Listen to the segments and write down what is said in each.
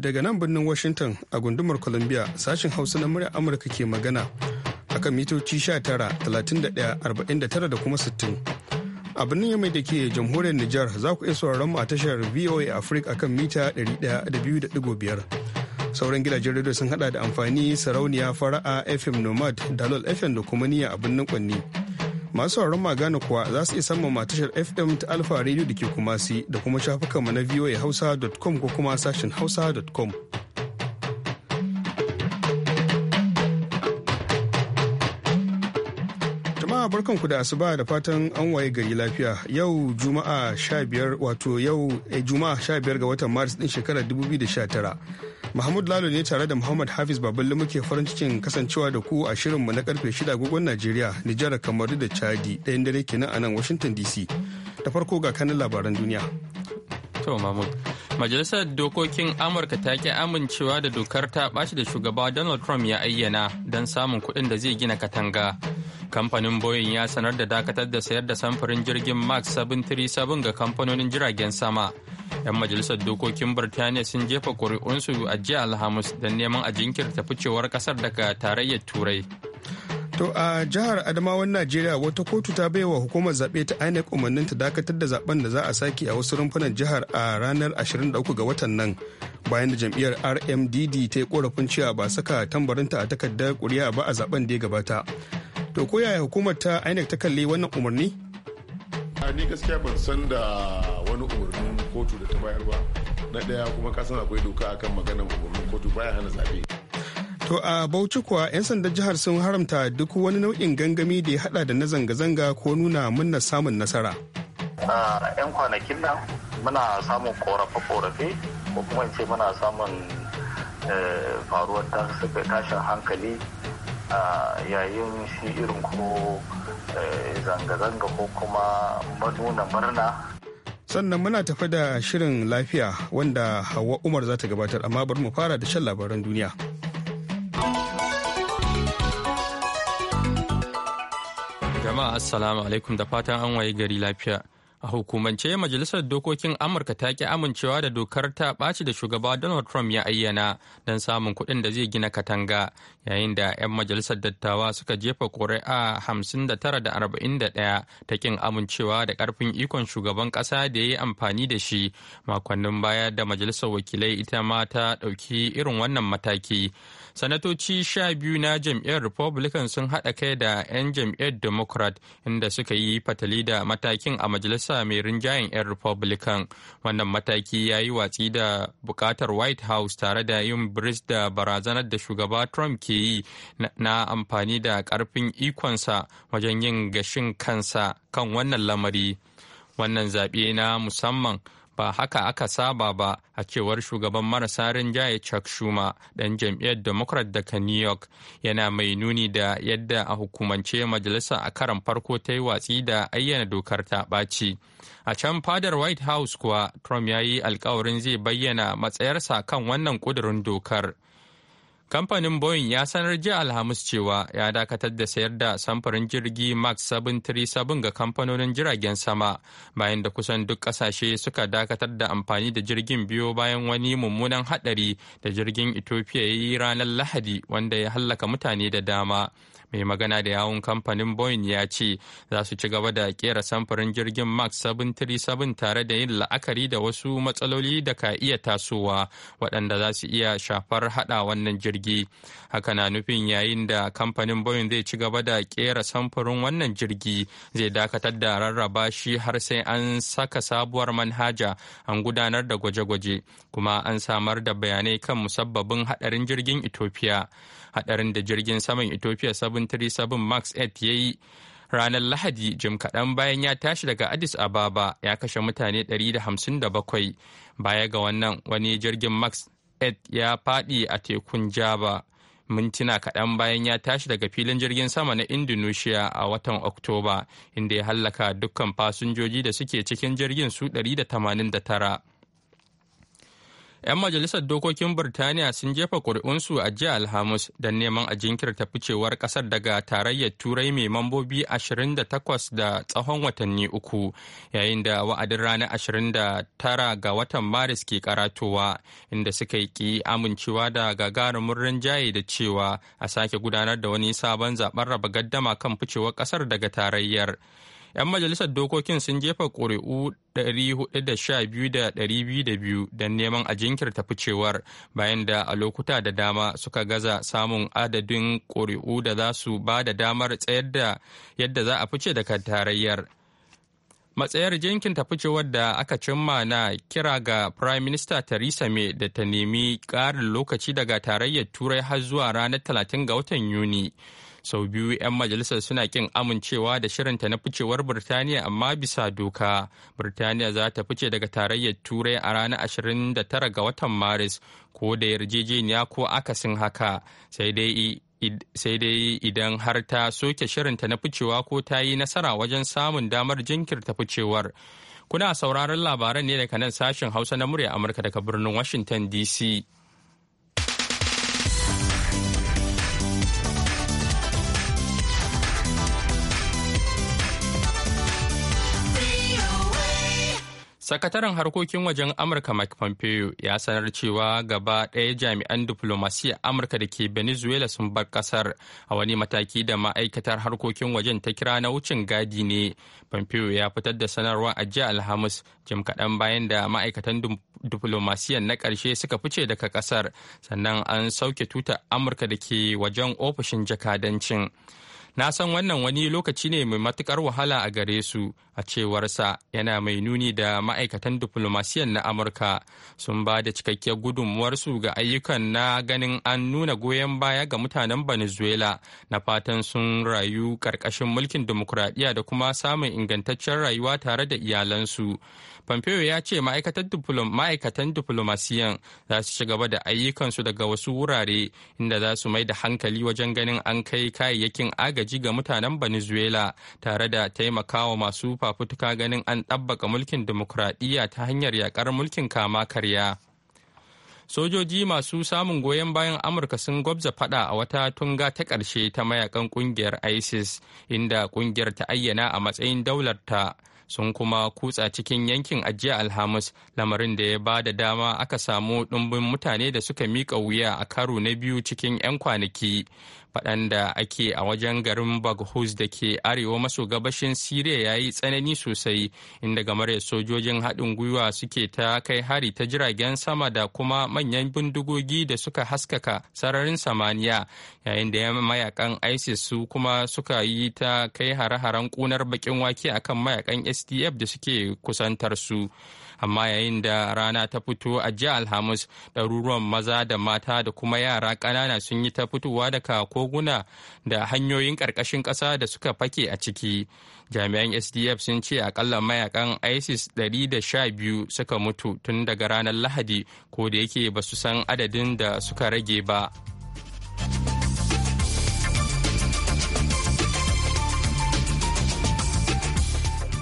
daga nan birnin Washington a gundumar Columbia sashin Hausa na murya Amurka ke magana akan mitoci 19,31,49 da kuma 60. A birnin Yamai da ke jamhuriyar Nijar za ku iya sauraron mu a tashar VOA Africa akan mita 100.5. Sauran gidajen rediyo sun hada da amfani sarauniya fara'a FM Nomad, Dalol FM da kuma niyya a birnin Kwanni. masu sauraron magana kuwa za su iya samun matashar fm ta alfa radio da ke kumasi da kuma shafukanmu na voa hausa.com ko kuma sashen hausa.com jama'a barkanku da asuba da fatan an waye gari lafiya yau juma'a 15 wato yau eh, juma'a 15 ga watan maris din shekarar 2019 Mahmud Lalo ne tare da Muhammad Hafiz Babalu muke farin cikin kasancewa da ku a shirinmu na karfe 6 agogon Najeriya, Nijar, kamar da Chadi ɗayan dare kenan a nan Washington DC. Da farko ga kanin labaran duniya. To Mahmud, Majalisar Dokokin Amurka ta ki amincewa da dokar ta ɓaci da shugaba Donald Trump ya ayyana don samun kuɗin da zai gina katanga. Kamfanin Boeing ya sanar da dakatar da sayar da samfurin jirgin Max 737 ga kamfanonin jiragen sama. 'yan majalisar dokokin birtaniya sun jefa kuri'unsu a jiya alhamis don neman a jinkirta ficewar kasar daga tarayyar turai to a jihar adamawan najeriya wata kotu ta baiwa hukumar zaɓe ta inec umarnin ta dakatar da zaben da za a sake a wasu rumfunan jihar a ranar 23 ga watan nan bayan da jam'iyyar rmdd ta yi korafin cewa ba saka tambarinta a takardar kuri'a ba a zaben da ya gabata to koyaya hukumar ta inec ta kalli wannan umarni a ni gaskiya ban san da wani umarnin kotu da ta bayar ba na ɗaya kuma kasan akwai doka akan maganar umarnin kotu baya hana zaɓe To a Bauchi kuwa 'yan sandan jihar sun haramta duk wani nau'in gangami da ya hada da na zanga-zanga ko nuna munna samun nasara. A 'yan kwanakin nan muna samun korafe-korafe ko kuma ce muna samun eh, faruwar tashin hankali yayin shi irin ko eh, zanga-zanga ko kuma matuna murna sannan muna tafi da shirin lafiya wanda hawa umar za ta gabatar amma bari mu fara da shan labaran duniya jama'a assalamu alaikum da fatan an waye gari lafiya A hukumance Majalisar Dokokin Amurka ta ki amincewa da dokar ta ɓaci da shugaba Donald Trump ya ayyana don samun kuɗin da zai gina katanga, yayin da 'yan majalisar dattawa suka jefa ƙuri'a da 41 ta kin amincewa da ƙarfin ikon shugaban ƙasa da ya yi amfani da shi makonnin baya da Majalisar Wakilai ita ma ta ɗauki irin wannan mataki. Sanatoci sha biyu na jam'iyyar Republican sun haɗa kai da 'yan jam'iyyar Democrat inda suka yi fatali da matakin a majalisar jam'iyyarsa mai rinjayen 'yan republican wannan mataki ya yi watsi da bukatar white house tare da yin bris da barazanar da shugaba trump ke yi na amfani da karfin ikonsa wajen yin gashin kansa kan wannan lamari wannan zaɓe na musamman ba haka aka saba ba a cewar shugaban marasa rinjaye Chuck Schumer ɗan jam'iyyar Democrat daga New York yana mai nuni da yadda a hukumance majalisa a karan farko ta yi watsi da ayyana dokar ta ɓaci. A can fadar White House kuwa Trump ya yi alkawarin zai bayyana matsayarsa kan wannan ƙudurin dokar. Kamfanin Boeing ya sanar jiya Alhamis cewa ya dakatar da sayar da samfurin jirgi Max 737 ga kamfanonin jiragen sama bayan da kusan duk kasashe suka dakatar da amfani da jirgin biyu bayan wani mummunan hadari da jirgin Ethiopia ya yi ranar Lahadi wanda ya hallaka mutane da dama. mai magana da yawun kamfanin boeing ya ce za su ci gaba da kera samfurin jirgin max 737 tare da yin la'akari da wasu matsaloli da ka iya tasowa waɗanda za su iya shafar hada wannan jirgin jirgi haka na nufin yayin da kamfanin boeing zai ci gaba da kera samfurin wannan jirgi zai dakatar da rarraba shi har sai an saka sabuwar manhaja an gudanar da gwaje-gwaje kuma an samar da bayanai kan musabbabin hadarin jirgin ethiopia hadarin da jirgin saman ethiopia 737 max 8 ya yi ranar Lahadi jim kaɗan bayan ya tashi daga Addis Ababa ya kashe mutane 157 baya ga wannan wani jirgin Max ed ya faɗi a tekun jaba mintuna kaɗan bayan ya tashi daga filin jirgin sama na indonesia a watan oktoba inda ya hallaka dukkan fasinjoji da suke cikin jirgin su 189 'Yan majalisar dokokin Birtaniya sun jefa kuri'unsu a jiya Alhamis don neman a jinkirta ficewar kasar daga tarayyar Turai mai mambobi 28 da tsawon watanni uku, yayin da wa'adin ranar 29 ga watan Maris ke karatowa, inda suka yi ki amincewa da gagarumin rinjaye da cewa a sake gudanar da wani sabon zaben raba gaddama kan ficewar kasar daga tarayyar. 'yan majalisar dokokin sun jefa ƙuri'u 412,202 don neman a jinkirta ficewar bayan da a lokuta da dama suka gaza samun adadin ƙuri'u da za su ba da damar tsayar da yadda za a fice daga tarayyar. matsayar jinkin ficewar da aka cimma na kira ga prime minister theresa may da ta nemi ƙarin lokaci daga tarayyar turai har zuwa ranar 30 ga watan yuni sau biyu 'yan majalisar suna kin amincewa da shirinta na ficewar birtaniya amma bisa doka birtaniya za ta fice daga tarayyar turai a ranar 29 ga watan maris ko da yarjejeniya ko akasin haka sai dai sai dai idan har ta soke shirinta na ficewa ko ta yi nasara wajen samun damar jinkirta ficewar kuna sauraron labaran ne daga nan sashen hausa na murya amurka daga birnin washington dc Sakataren harkokin wajen Amurka Mike Pompeo ya sanar cewa gaba ɗaya jami'an diflomasiyyar Amurka da ke Venezuela sun bar ƙasar a wani mataki da ma'aikatar harkokin wajen ta kira na wucin gadi ne. Pompeo ya fitar da sanarwa a jiya Alhamis jim kaɗan bayan da ma'aikatan diflomasiyyar na ƙarshe suka fice daga ƙasar sannan an sauke tuta Amurka da ke wajen ofishin jakadancin. na san wannan wani lokaci ne mai matukar wahala a gare su a cewarsa yana mai nuni da ma'aikatan diflomasiyan na amurka sun ba da cikakkiyar gudunmuwarsu ga ayyukan na ganin an nuna goyon baya ga mutanen venezuela na fatan sun rayu karkashin mulkin dimokuraɗiyya da kuma samun ingantaccen rayuwa tare da iyalansu Pompeo ya ce ma'aikatan diflomasiyan za su ci gaba da ayyukansu daga wasu wurare inda za su mai da hankali wajen ganin an kai kayayyakin agaji ga mutanen Venezuela tare da taimakawa masu fafutuka ganin an ɗabbaka mulkin dimokuraɗiyya ta hanyar yakar mulkin kama karya. sojoji masu samun goyon bayan amurka sun gwabza fada a wata tunga ta ƙarshe ta mayakan ƙungiyar isis inda ƙungiyar ta ayyana a matsayin daular ta sun kuma kutsa cikin yankin ajiya alhamis lamarin da ya ba da dama aka samu ɗumbin mutane da suka miƙa wuya a karo na biyu cikin 'yan kwanaki faɗan da ake a wajen garin baghuz da ke arewa maso gabashin siriya ya yi tsanani sosai inda gamar sojojin haɗin gwiwa suke ta kai hari ta jiragen sama da kuma manyan bindigogi da suka haskaka sararin samaniya yayin da mayakan isis su kuma suka yi ta kai hare-haren ƙunar bakin wake akan mayakan sdf da suke kusantar su amma yayin da rana ta fito a jiya alhamis ɗaruruwan maza da mata da kuma yara ƙanana sun yi ta fitowa daga koguna da hanyoyin ƙarƙashin ƙasa da suka fake a ciki jami'an sdf sun ce akalla mayakan isis 112 suka mutu tun daga ranar lahadi ko da yake ba su san adadin da suka rage ba.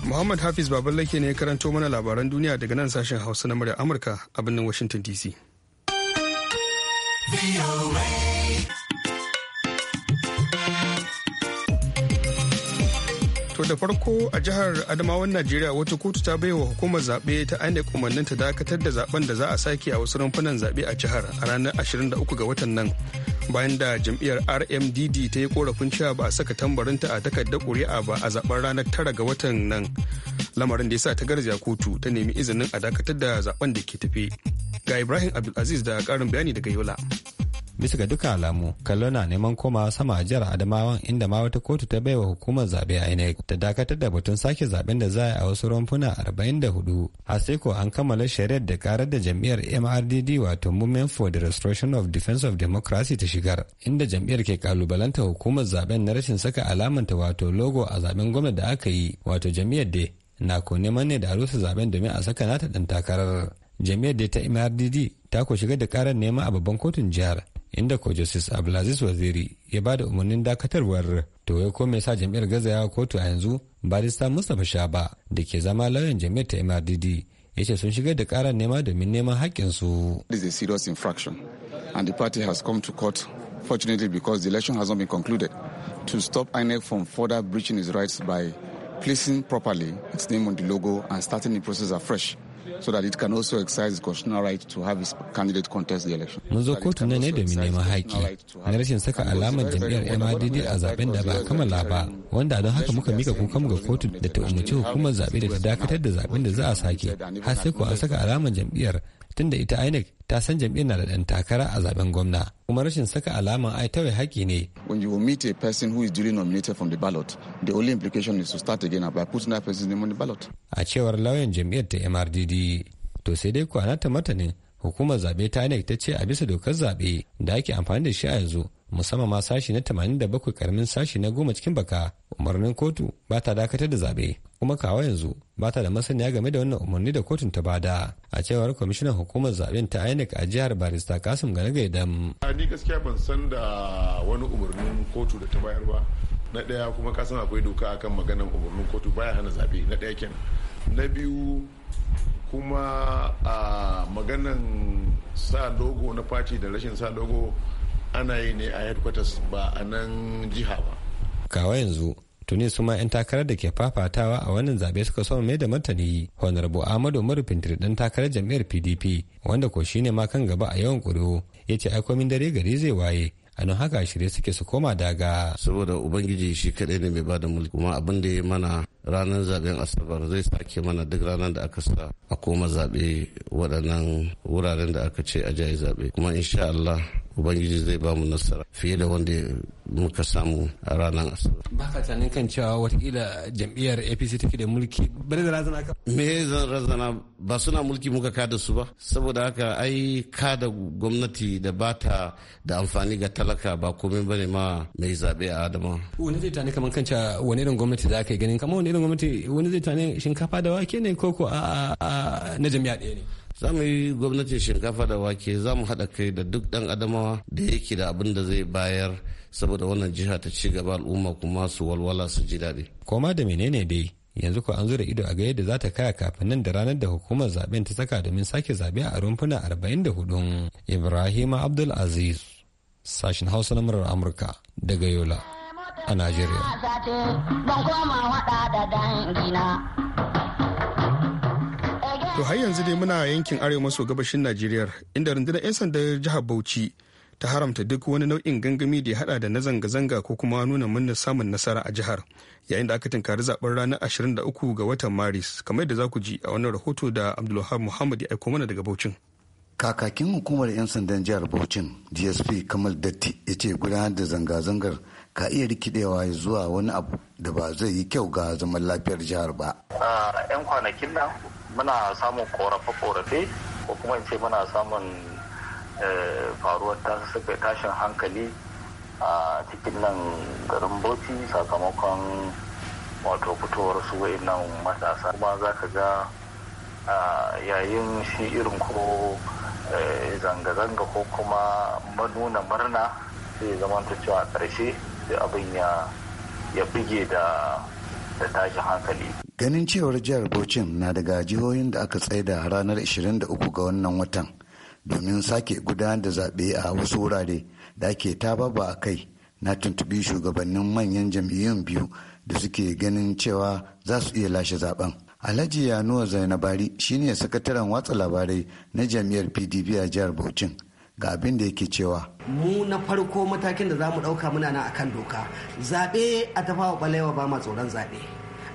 Muhammad Hafiz babalake ne ya karanto mana labaran duniya daga nan sashen Hausa na murya Amurka a birnin Washington DC. da farko a jihar Adamawan Najeriya wata kotu ta baiwa hukumar zaɓe ta INEC umarnin ta dakatar da zaben da za a sake a wasu rumfunan zaɓe a jihar a ranar 23 ga watan nan. Bayan da jam'iyyar RMDD ta yi korafin cewa ba a saka tambarinta a takardar ƙuri'a ba a zaben ranar 9 ga watan nan. Lamarin da ya sa ta garzaya kotu ta nemi izinin a dakatar da zaben da ke tafe. Ga Ibrahim Abdulaziz da ƙarin bayani daga Yola. bisa ga duka alamu kallo na neman koma sama a jihar adamawa inda ma wata kotu ta baiwa hukumar zabe a inec ta dakatar da batun sake zaben da za a wasu rumfuna 44 hudu. sai ko an kammala shari'ar da karar da jam'iyyar mrdd wato movement for the restoration of defense of democracy ta shigar inda jam'iyyar ke kalubalanta hukumar zaben na rashin saka alamanta wato logo a zaben gwamnati da aka yi wato jam'iyyar da na ko neman ne da a rusa zaben domin a saka nata dan takarar jami'ar da ta mrdd ta ko shiga da karar nema a babban kotun jihar inda ko justice abdulaziz waziri ya ba da umarnin dakatarwar to ya kome sa jam'iyyar gazayawa kotu a yanzu barista mustapha shaba da ke zama lauyan jam'iyyar ta mrdd ya ce sun shigar da karar nema domin neman haƙƙinsu. This is a serious infraction and the party has come to court fortunately because the election has not been concluded to stop INEC from further breaching its rights by placing properly its name on the logo and starting the process afresh. so that it can also exercise its constitutional right to have its candidate contest the election. Mun zo kotu na ne domin neman haƙƙi na rashin saka alamar jam'iyyar MRDD a zaben da ba a kammala ba wanda don haka muka mika kukan ga kotu da ta umarci hukumar zaɓe da ta dakatar da zaben da za a sake har sai ko an saka alamar jam'iyyar tunda ita INEC ta san jam'iyyar na da ɗan takara a zaben gwamna kuma rashin saka alaman ai tawai haƙi ne. When you meet a person who is duly nominated from the ballot, the only implication is to start again by putting that person's name on the ballot. A cewar lauyan jam'iyyar ta MRDD, to sai dai kwana ta martanin hukumar zaɓe ta INEC ta ce a bisa dokar zaɓe da ake amfani da shi a yanzu musamman ma sashi na 87 karamin sashi na goma cikin baka umarnin kotu ba ta dakatar da zaɓe kuma kawo yanzu ba ta da masaniya game da wannan umarni da kotun ta bada a cewar kwamishinan hukumar zaben ta inec a jihar barista kasim gane a ni gaskiya ban san da wani umarnin kotu da ta bayar ba na daya kuma kasan akwai doka akan maganan umarnin kotu baya hana zabe na daya kenan na biyu kuma a maganan sa logo na faci da rashin sa logo ana yi ne a headquarters ba a nan jiha ba kawo yanzu tuni su ma 'yan takarar da ke fafatawa a wannan zaɓe suka so mai da martani honorable amadu marufin dan takarar jam'iyyar pdp wanda ko shine ma kan gaba a yawan ƙuri'u ya ce aikomin dare gari zai waye a nan haka shirye suke su koma daga saboda ubangiji shi kadai ne mai ba da mulki kuma abin da ya mana ranar zaben asabar zai sake mana duk ranar da aka sa a koma zaɓe waɗannan wuraren da aka ce a jayi zaɓe kuma insha Allah ubangiji zai ba mu nasara fiye da wanda muka samu a ranar asabar ba ka tunanin kan cewa watakila jam'iyyar apc take da mulki bari da razana ka me zan razana ba suna mulki muka kada su ba saboda haka ai kada gwamnati da ba ta da amfani ga talaka ba komai bane ma mai zabe a adama wani zai tani kamar cewa wani irin gwamnati za ka yi ganin kamar wani irin gwamnati wani zai tani shinkafa da wake ne ko ko a na jami'a ɗaya ne za mu yi gwamnatin shinkafa da wake za mu haɗa kai da duk ɗan adamawa da yake da abin da zai bayar saboda wannan jiha ta ci gaba al'umma kuma su walwala su ji daɗi. koma da menene dai yanzu ko an zura ido a ga yadda za ta kaya kafin nan da ranar da hukumar zaben ta saka domin sake zabe a rumfuna 44 ibrahim abdul aziz sashen hausa na murar amurka daga yola a najeriya To har yanzu dai muna yankin arewa maso gabashin Najeriya inda rundunar 'yan sanda jihar Bauchi ta haramta duk wani nau'in gangami da ya hada da na zanga-zanga ko kuma nuna murnar samun nasara a jihar yayin da aka tunkari zaben ranar 23 ga watan Maris kamar yadda za ku ji a wannan rahoto da Abdulwahab Muhammad ya aiko mana daga Bauchin. Kakakin hukumar 'yan sandan jihar Bauchin DSP Kamal Datti ya ce gudanar da zanga-zangar ka iya rikidewa zuwa wani abu da ba zai yi kyau ga zaman lafiyar jihar ba. yan kwanakin nan muna samun korafe-korafe ko kuma in ce muna samun eh, faruwar tashin hankali a cikin nan garin bauchi sakamakon wato fitowar su nan matasa kuma za ka ga yayin shi irin ko eh, zanga-zanga ko kuma manuna murna zai zama ta cewa ƙarshe da abin ya da tashi hankali ganin cewar jihar bauchin na daga jihohin da aka tsaida ranar 23 ga wannan watan domin sake gudanar da zaɓe a wasu wurare da ake ta ba a kai na tuntubi shugabannin manyan jam'iyyun biyu da suke ganin cewa za su iya lashe zaben. Alhaji Yanuwa Zainabari shine sakataren watsa labarai na jam'iyyar PDP a jihar Bauchin ga abin da yake cewa mu na farko matakin da za mu ɗauka muna nan akan doka zaɓe a tafawa ɓalewa ba ma tsoron zaɓe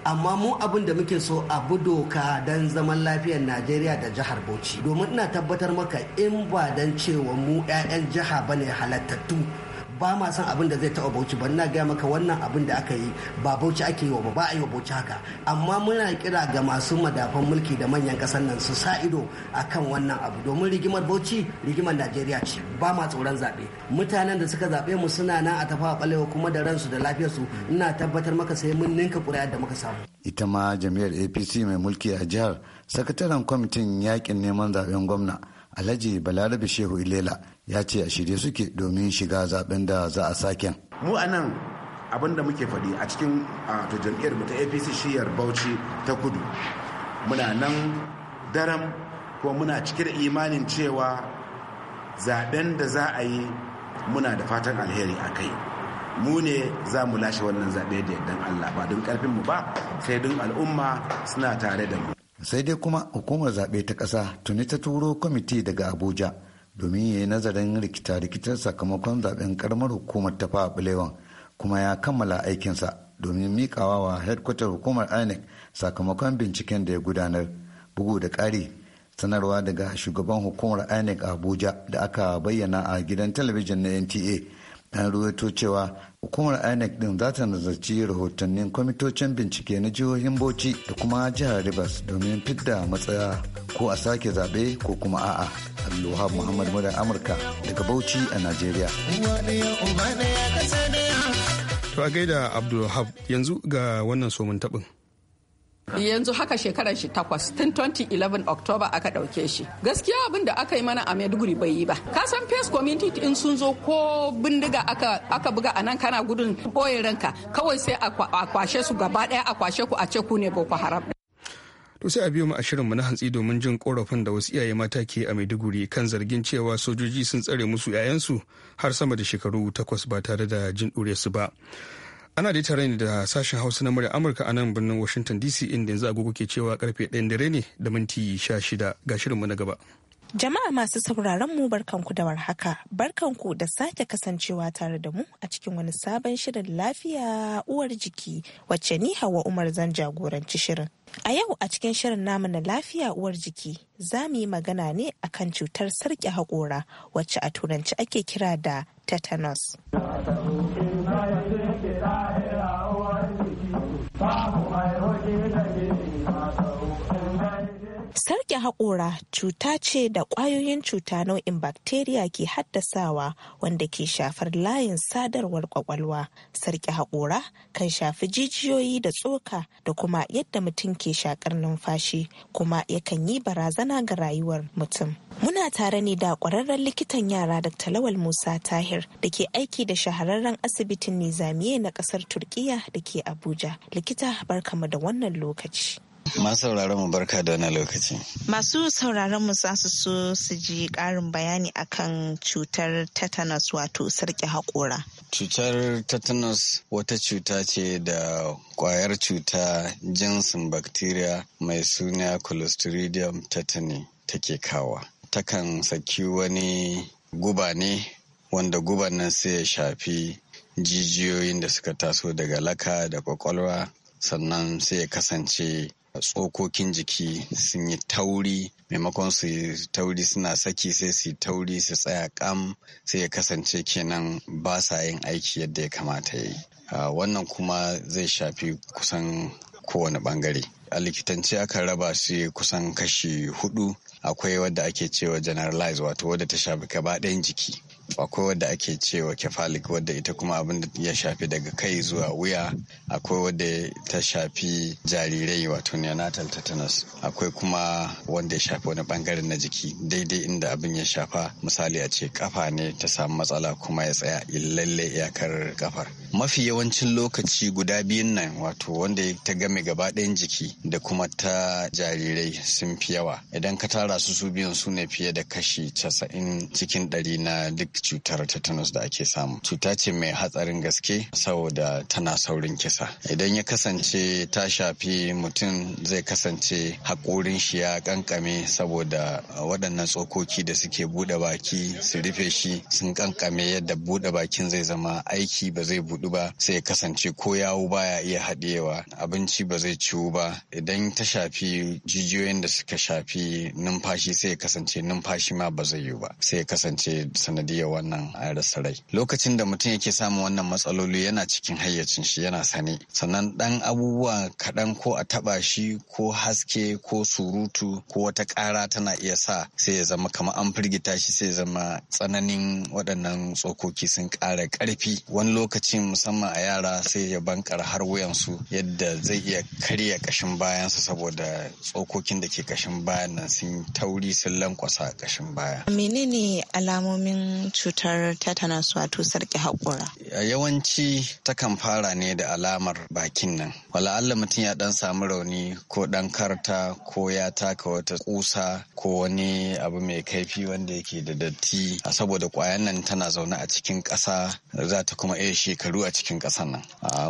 amma mu abin da muke so a bi doka don zaman lafiyar najeriya da jihar bauchi domin ina tabbatar maka in ba don cewa mu 'ya'yan jiha ba ne halattattu ba ma san abin da zai taɓa bauchi ba na gaya maka wannan abin da aka yi ba bauchi ake yi wa ba a yi wa bauchi haka amma muna kira ga masu madafan mulki da manyan ƙasar nan su sa ido a kan wannan abu domin rigimar bauchi rigimar najeriya ce ba ma tsoron zaɓe mutanen da suka zaɓe mu suna nan a tafawa ɓalewa kuma da ransu da lafiyarsu ina tabbatar maka sai mun ninka ƙuri'ar da muka samu. ita ma jami'ar apc mai mulki a jihar sakataren kwamitin yakin neman zaɓen gwamna alhaji balarabe shehu ilela ya ce a shirye suke domin shiga zaben da za a sake. Mu a nan abin da muke faɗi a cikin to jam'iyyar mu ta APC shiyar Bauchi ta Kudu. Muna nan daram ko muna cike da imanin cewa zaben da za a yi muna da fatan alheri a kai. Mu ne za mu lashe wannan zaɓe da yardan Allah ba don ƙarfinmu ba sai don al'umma suna tare da mu. Sai dai kuma hukumar zaɓe ta ƙasa tuni ta turo kwamiti daga Abuja. domin ya yi nazarin rikita-rikitar sakamakon zaben karamar hukumar ta fawa bulewan kuma ya kammala aikinsa domin mikawa wa headquarter hukumar inec sakamakon binciken da ya gudanar bugu da ƙari sanarwa daga shugaban hukumar inec abuja da aka bayyana a gidan talabijin na nta an ruwaito cewa hukumar inec din za ta nazarci rahotannin kwamitocin bincike na jihohin bauchi da kuma jihar rivers domin fidda matsaya ko a sake zaɓe ko kuma a'a alluha muhammad mura amurka daga bauchi a nigeria to a gaida abdulhab yanzu ga wannan somin taɓin yanzu haka shekarar shi takwas tun 2011 october aka ɗauke shi gaskiya abin da aka yi mana a maiduguri bai yi ba ka san face community in sun zo ko bindiga aka, buga a nan kana gudun boye ranka kawai sai a kwashe su gaba ɗaya a kwashe ku a ce ku ne boko haram to sai a biyo mu a shirinmu na hantsi domin jin korafin da wasu iyaye mata ke a maiduguri kan zargin cewa sojoji sun tsare musu 'ya'yansu har sama da shekaru takwas ba tare da jin su ba ana da tare da sashen hausa na murya amurka a nan birnin washington dc inda yanzu agogo ke cewa karfe 1 dare ne da minti 16 ga shirinmu na gaba jama'a masu sauraron mu barkanku da warhaka barkanku da sake kasancewa tare da mu a cikin wani sabon shirin lafiya uwar jiki wacce ni hawa umar zan jagoranci shirin a yau a cikin shirin namu na lafiya uwar jiki za mu yi magana ne akan cutar sarki hakora wacce a turanci ake kira da tetanus Father Sarki haƙora cuta ce da ƙwayoyin cuta nau'in bakteriya ke haddasawa wanda ke shafar layin sadarwar ƙwaƙwalwa. Sarki haƙora kan shafi jijiyoyi da tsoka da kuma yadda mutum ke shakar numfashi kuma yakan yi barazana ga rayuwar mutum. Muna tare ne da ƙwararren likitan yara da Talawal Musa Tahir da ke aiki da shahararren asibitin Nizamiye na ƙasar Turkiya da ke Abuja. Likita barkamu da wannan lokaci. Masu mu barka da wani lokaci. Masu sauraron mu za su so su ji ƙarin bayani akan cutar tetanus wato sarki haƙora. Cutar tetanus wata cuta ce da ƙwayar cuta jinsin bacteria mai suna Clostridium tetani take kawa. Takan saki wani guba ne wanda guban nan sai ya shafi jijiyoyin da suka taso daga laka da kwakwalwa sannan sai ya kasance tsokokin jiki sun yi tauri maimakon su yi tauri suna saki sai su yi tauri su tsaya kam sai ya kasance kenan ba sa yin aiki yadda ya kamata ya yi wannan kuma zai shafi kusan kowane bangare a likitance aka raba su kusan kashi hudu akwai wadda ake cewa generalize wato wadda ta shafi gaba ɗayan jiki akwai wadda ake cewa kefalik wadda ita kuma abin da ya shafi daga kai zuwa wuya akwai wadda ta shafi jarirai wato neonatal tetanus akwai kuma wanda ya shafi wani bangaren na jiki daidai inda abin ya shafa misali a ce kafa ne ta samu matsala kuma ya tsaya lalle iyakar kafar mafi yawancin lokaci guda biyun nan wato wanda ta game gaba ɗayan jiki da kuma ta jarirai sun fi yawa idan ka tara su su biyan su ne fiye da kashi casa'in cikin ɗari na duk cutar tetanus da ake samu cuta ce mai hatsarin gaske saboda tana saurin kisa idan ya kasance ta shafi mutum zai kasance haƙorin shi ya kankame saboda waɗannan tsokoki da suke buɗe baki su rufe shi sun kankame yadda buɗe bakin zai zama aiki ba zai buɗe haɗu ba sai ya kasance ko yawo baya iya haɗewa abinci ba zai ciwu ba idan ta shafi jijiyoyin da suka shafi numfashi sai ya kasance numfashi ma ba zai yiwu ba sai ya kasance sanadiyar wannan a rasa rai lokacin da mutum yake samun wannan matsaloli yana cikin hayyacin shi yana sane sannan dan abubuwa kaɗan ko a taɓa shi ko haske ko surutu ko wata ƙara tana iya sa sai ya zama kamar an firgita shi sai ya zama tsananin waɗannan tsokoki sun ƙara ƙarfi wani lokacin musamman a yara sai ya bankar har wuyansu yadda zai iya karya kashin bayansa saboda tsokokin da ke kashin bayan nan sun tauri sun lankwasa a kashin baya. Menene alamomin cutar tetanus wato sarki haƙura? Yawanci takan fara ne da alamar bakin nan. Wala Allah mutum ya dan samu rauni ko dan karta ko ya taka wata kusa ko wani abu mai kaifi wanda yake da datti saboda kwayan nan tana zaune a cikin ƙasa za ta kuma iya shekaru shekaru a cikin ƙasar nan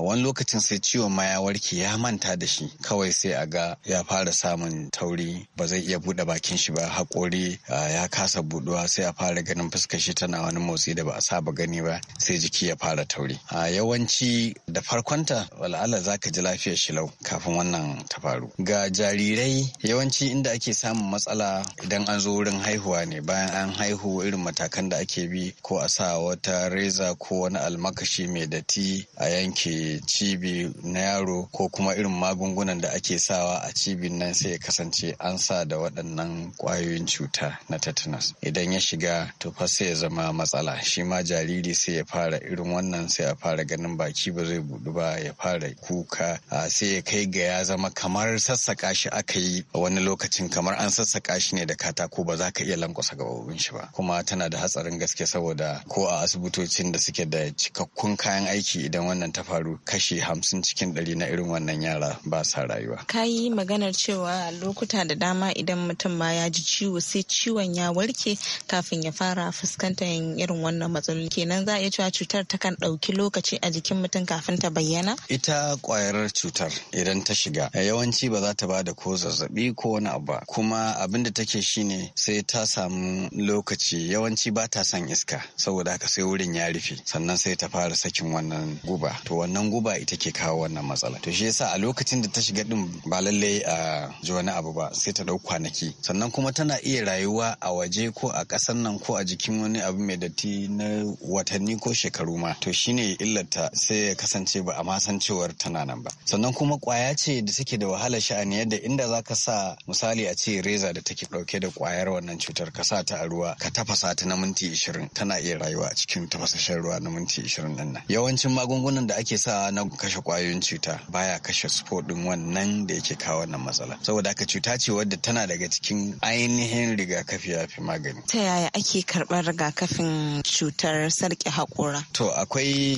wani lokacin sai ciwon ma ya warke ya manta da shi kawai sai a ga ya fara samun tauri ba zai iya buɗe bakin shi ba haƙori ya kasa buɗuwa sai a fara ganin fuskar shi tana wani motsi da ba a saba gani ba sai jiki ya fara tauri yawanci da farkonta wala'ala za ka ji lafiyar shi lau kafin wannan ta faru ga jarirai yawanci inda ake samun matsala idan an zo wurin haihuwa ne bayan an haihu irin matakan da ake bi ko a sa wata reza ko wani almakashi mai dati a yanke cibi na yaro ko kuma irin magungunan da ake sawa a cibin nan sai ya kasance an sa da waɗannan ƙwayoyin cuta na tetanus idan ya shiga to fa sai ya zama matsala shi ma jariri sai ya fara irin wannan sai ya fara ganin baki ba zai budu ba ya fara kuka sai ya kai ga ya zama kamar sassaka shi aka yi wani lokacin kamar an sassaka shi ne da katako ba za ka iya lankwasa gababin shi ba kuma tana da hatsarin gaske saboda ko a asibitocin da suke da cikakkun kayan kayan aiki idan wannan ta faru kashi hamsin cikin ɗari na irin wannan yara ba sa rayuwa. Ka yi maganar cewa lokuta da dama idan mutum ma ya ji ciwo sai ciwon ya warke kafin ya fara fuskantar irin wannan matsaloli kenan za a iya cewa cutar ta kan ɗauki lokaci a jikin mutum kafin ta bayyana? Ita ƙwayar cutar idan ta shiga yawanci ba za ta ba da ko zazzabi ko wani abu ba kuma abin da take shine sai ta samu lokaci yawanci ba ta son iska saboda haka sai wurin ya rufe sannan sai ta fara sakin wannan guba to wannan guba ita ke kawo wannan matsala to shi yasa a lokacin da ta shiga din ba lallai a ji wani abu ba sai ta dau kwanaki sannan kuma tana iya rayuwa a waje ko a kasan nan ko a jikin wani abu mai datti na watanni ko shekaru ma to shine illarta sai ya kasance ba a ma san cewar tana nan ba sannan kuma kwaya ce da take da wahalar sha'ani yadda inda zaka sa misali a ce reza da take dauke da kwayar wannan cutar ka sa ta a ruwa ka tafasa ta na minti 20 tana iya rayuwa a cikin tafasashen ruwa na minti 20 din nan yawancin magungunan da ake sa na kashe kwayoyin cuta baya kashe spo din wannan da yake kawo wannan matsala saboda haka cuta ce wadda tana daga cikin ainihin rigakafi ya fi magani ta yaya ake karɓar rigakafin cutar sarki hakora? to akwai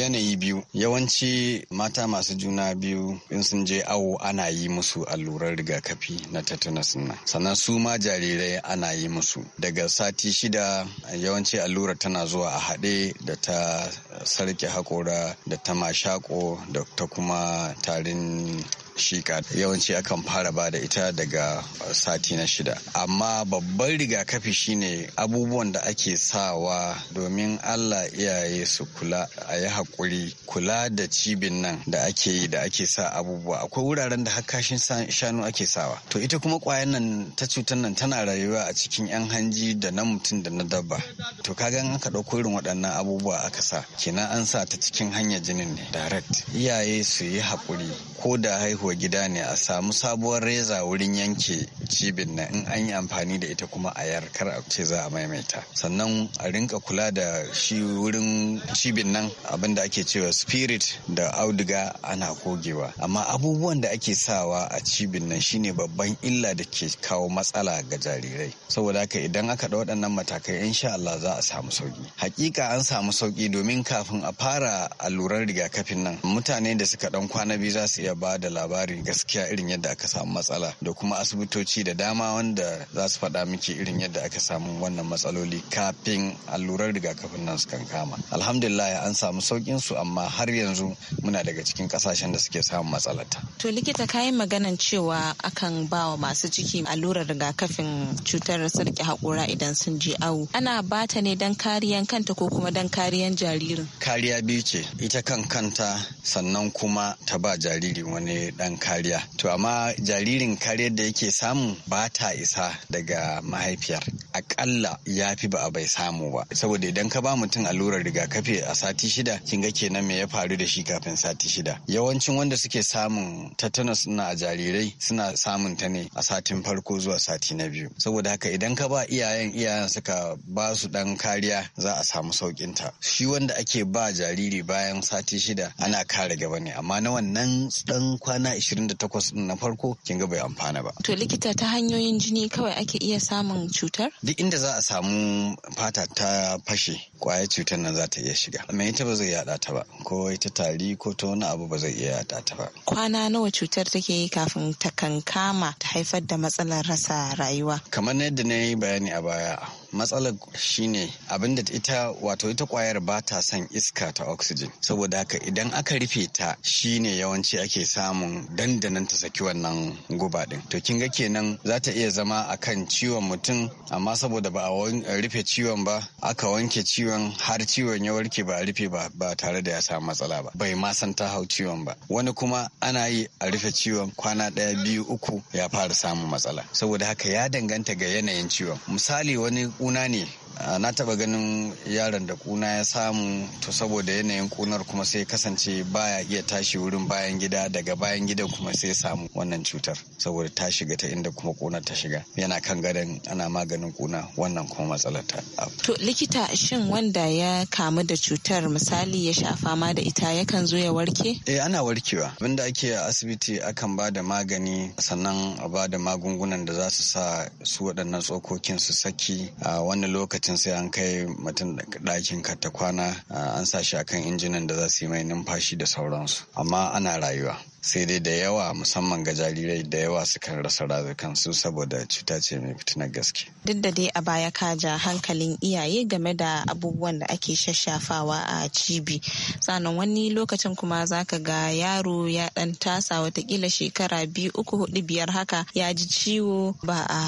yanayi biyu yawanci mata masu juna biyu in sun je awo ana yi musu allurar rigakafi na tetanus nan sannan su ma jarirai ana yi musu daga sati shida yawanci allurar tana zuwa a haɗe da ta sarki rike hakora da ta mashako da ta kuma tarin shika yawanci akan fara ba da ita daga uh, sati na shida amma babban rigakafi shine abubuwan da ake sawa domin allah iyaye su kula a yi haƙuri kula da cibin nan da ake yi da ake sa abubuwa akwai wuraren da kashin shanu ake sawa to ita kuma kwayan nan ta cutar nan tana rayuwa a cikin yan hanji da na mutum da na dabba to kaga an aka ɗauko irin waɗannan abubuwa aka sa kina an sa ta cikin hanyar jinin ne direct iyaye su yi hakuri ko da haihu haihuwa gida ne a samu sabuwar reza wurin yanke cibin nan in an yi amfani da ita kuma a yarkar a ce za a maimaita sannan a rinka kula da shi wurin cibin nan abinda ake cewa spirit da auduga ana gogewa amma abubuwan da ake sawa a cibin nan shine babban illa da ke kawo matsala ga jarirai saboda haka idan aka da waɗannan matakai insha Allah za a samu sauki hakika an samu sauki domin kafin a fara alluran rigakafin nan mutane da suka dan kwana biyu za su iya ba da labarin labarin gaskiya irin yadda aka samu matsala da kuma asibitoci da dama wanda za su faɗa miki irin yadda aka samu wannan matsaloli kafin allurar rigakafin nan su kan kama alhamdulillah an samu saukin su amma har yanzu muna daga cikin kasashen da suke samun matsalata to likita kayan maganan cewa akan ba wa masu ciki allurar rigakafin cutar sarki haƙura idan sun je awo ana bata ne don kariyan kanta ko kuma don kariyan jaririn kariya biyu ce ita kan kanta sannan kuma ta ba jariri wani dan kariya to amma jaririn kariyar da yake samu ba ta isa daga mahaifiyar akalla ya fi ba a bai samu ba saboda idan ka ba mutum allurar rigakafi a sati shida kin ga kenan me ya faru da shi kafin sati shida yawancin wanda suke samun tetanus na jarirai suna samun ta ne a satin farko zuwa sati na biyu saboda haka idan ka ba iyayen iyayen suka ba su dan kariya za a samu saukin ta shi wanda ake ba jariri bayan sati shida ana kare gaba ne amma na wannan dan kwana kwana 28 din na farko kin ga bai amfana ba. To likita ta hanyoyin jini kawai ake iya samun cutar? Duk inda za a samu fata ta fashe kwaya cutar nan za ta iya shiga. Mai ita ba zai yada ta ba ko ita tari ko ta wani abu ba zai iya yada ta ba. Kwana nawa cutar take yi kafin ta kankama ta haifar da matsalar rasa rayuwa? Kamar yadda na yi bayani a baya matsalar shine abinda ita wato ita kwayar ba ta son iska ta oxygen saboda haka idan aka rufe ta shine yawanci ake samun dandanan ta saki wannan guba din to kin ga kenan za ta iya zama akan ciwon mutum amma saboda ba a rufe ciwon ba aka wanke ciwon har ciwon ya warke ba a rufe ba ba tare da ya samu matsala ba bai ma san ta hau ciwon ba wani kuma ana yi a rufe ciwon kwana ɗaya biyu uku ya fara samun matsala saboda haka ya danganta ga yanayin ciwon misali wani una ne Ah, na taba ganin yaron da kuna ya samu to saboda yanayin kunar kuma sai kasance baya iya tashi wurin bayan gida daga bayan gidan kuma sai samu wannan cutar saboda ta shiga ta inda kuma kunar ta shiga yana kan gadon ana maganin kuna wannan kuma matsalar ta to likita shin wanda ya kamu da cutar misali ya sha fama da ita yakan zo ya warke eh ana warkewa abinda ake a asibiti akan ba da magani sannan a ba da magungunan da za su sa su waɗannan tsokokin su saki a ah, wani lokaci lokacin sai an kai mutum ɗakin ka ta kwana an sa shi akan injinan da za su yi mai numfashi da sauransu amma ana rayuwa sai dai da yawa musamman ga jarirai da yawa sukan rasa rayukansu saboda cuta ce mai fitinar gaske duk da dai a baya ka ja hankalin iyaye game da abubuwan da ake shashafawa a cibi sannan wani lokacin kuma zaka ga yaro ya dan tasa watakila shekara biyu uku hudu biyar haka ya ji ciwo ba a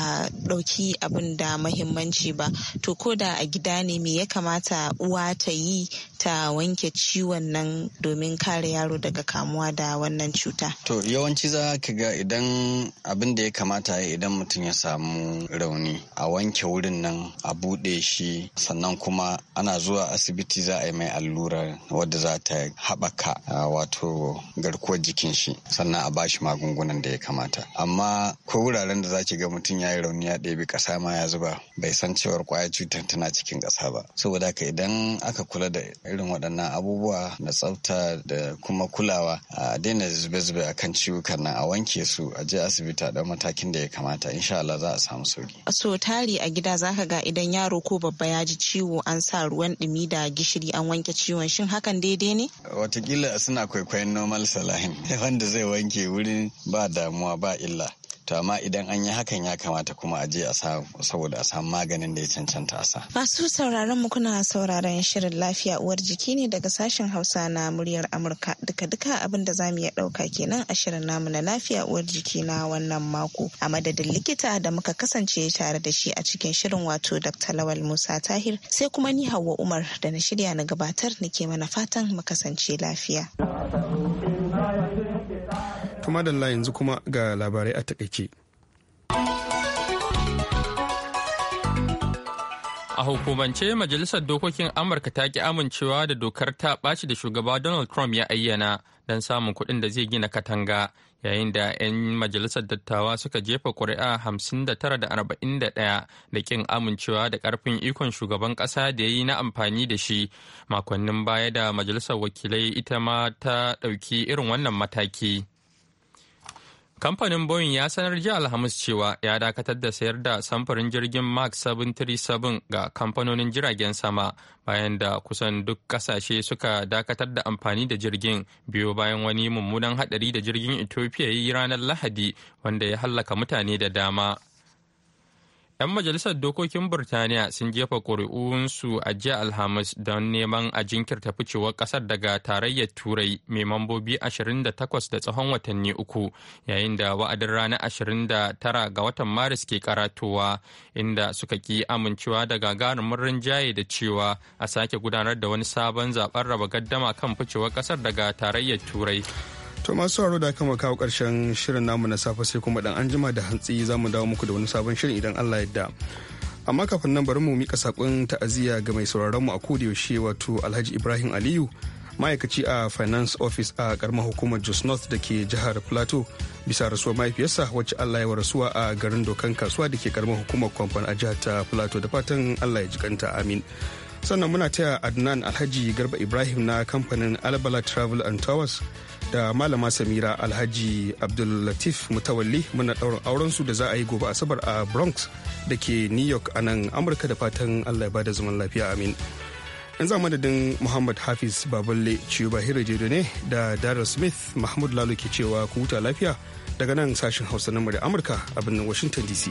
ɗauki abin da muhimmanci ba to ko da a gida ne me ya kamata uwa ta yi ta wanke ciwon nan domin kare yaro daga kamuwa da wannan cuta. To yawanci za ka ga idan abin da ya kamata ya idan mutum ya samu rauni a wanke wurin nan a buɗe shi sannan kuma ana zuwa asibiti za a yi mai allurar wadda za ta haɓaka wato garkuwar jikin shi sannan a bashi magungunan da ya kamata. Amma ko wuraren da za ki ga mutum ya yi rauni ya ɗebi ƙasa ma ya zuba bai san cewar kwaya cutar tana cikin ƙasa ba. Saboda ka idan aka kula da irin waɗannan abubuwa na tsafta da kuma kulawa a daina zube-zube a kan ciwukan nan a wanke su a je asibiti a ɗan matakin da ya kamata insha Allah za a samu sauki. So tari a gida zaka ga idan yaro ko babba ya ji ciwo an sa ruwan ɗumi da gishiri an wanke ciwon shin hakan daidai ne? Watakila suna kwaikwayon normal salahin wanda zai wanke wurin ba damuwa ba illa. to amma idan an yi hakan ya kamata kuma a je a saboda a samu maganin da ya cancanta a sa masu sauraron mu kuna sauraron shirin lafiya uwar jiki ne daga sashen hausa na muryar amurka duka-duka abin da zamu mu iya ɗauka kenan a shirin namu na lafiya uwar jiki na wannan mako a madadin likita da muka kasance tare da shi a cikin shirin wato dr lawal musa tahir sai kuma ni hawa umar da na shirya na gabatar nake mana fatan mu kasance lafiya. Tuma da yanzu kuma ga labarai a takaice. A hukumance Majalisar Dokokin Amurka ta ki amincewa da dokar ta ɓaci da shugaba Donald Trump ya ayyana don samun kuɗin da zai gina katanga yayin da 'yan majalisar dattawa suka jefa ƙuri'a 59 da 41 da ƙin amincewa da ƙarfin ikon shugaban ƙasa da ya yi na amfani da shi makonnin baya da majalisar wakilai ita ma ta ɗauki irin wannan mataki. Kamfanin Boeing ya sanar jiya Alhamis cewa ya dakatar da sayar da samfurin jirgin Mark 737 ga kamfanonin jiragen sama bayan da kusan duk kasashe suka dakatar da amfani da jirgin biyo bayan wani mummunan hadari da jirgin Ethiopia yi ranar Lahadi wanda ya hallaka mutane da dama. 'Yan majalisar dokokin Burtaniya sun jefa ƙuri'unsu a jiya Alhamis don neman a jinkirta ficewar ƙasar daga tarayyar Turai mai mambobi 28 da tsawon watanni uku, yayin da wa'adin ranar 29 ga watan Maris ke karatowa, inda suka ki amincewa da gagarumin rinjaye da cewa a sake gudanar da wani sabon zaben raba gaddama kan ficewar ƙasar daga tarayyar Turai. To masu haro da kama kawo karshen shirin namu na safe sai kuma dan anjima da hantsi za mu dawo muku da wani sabon shirin idan Allah yadda. Amma kafin nan bari mu mika sakon ta'aziyya ga mai sauraron mu a yaushe wato Alhaji Ibrahim Aliyu ma'aikaci a Finance Office a karamar hukumar Jos North da ke jihar Plateau bisa rasuwar mahaifiyarsa wacce Allah ya rasuwa a garin Dokan kasuwa da ke karamar hukumar Kwamfan a jihar ta Plateau da fatan Allah ya jikanta amin. sannan muna taya adnan alhaji garba ibrahim na kamfanin albala travel and towers da malama samira alhaji abdul abdullatif mutawalli muna ɗaurin su da za a yi gobe asabar a bronx da ke new york a nan amurka da fatan allah ya bada zaman lafiya amin yan madadin muhammad hafiz baballe ciyoba hirajedo ne da dara smith mahmud lalo ke cewa ku huta lafiya daga nan sashen hausa na murya amurka a birnin washington dc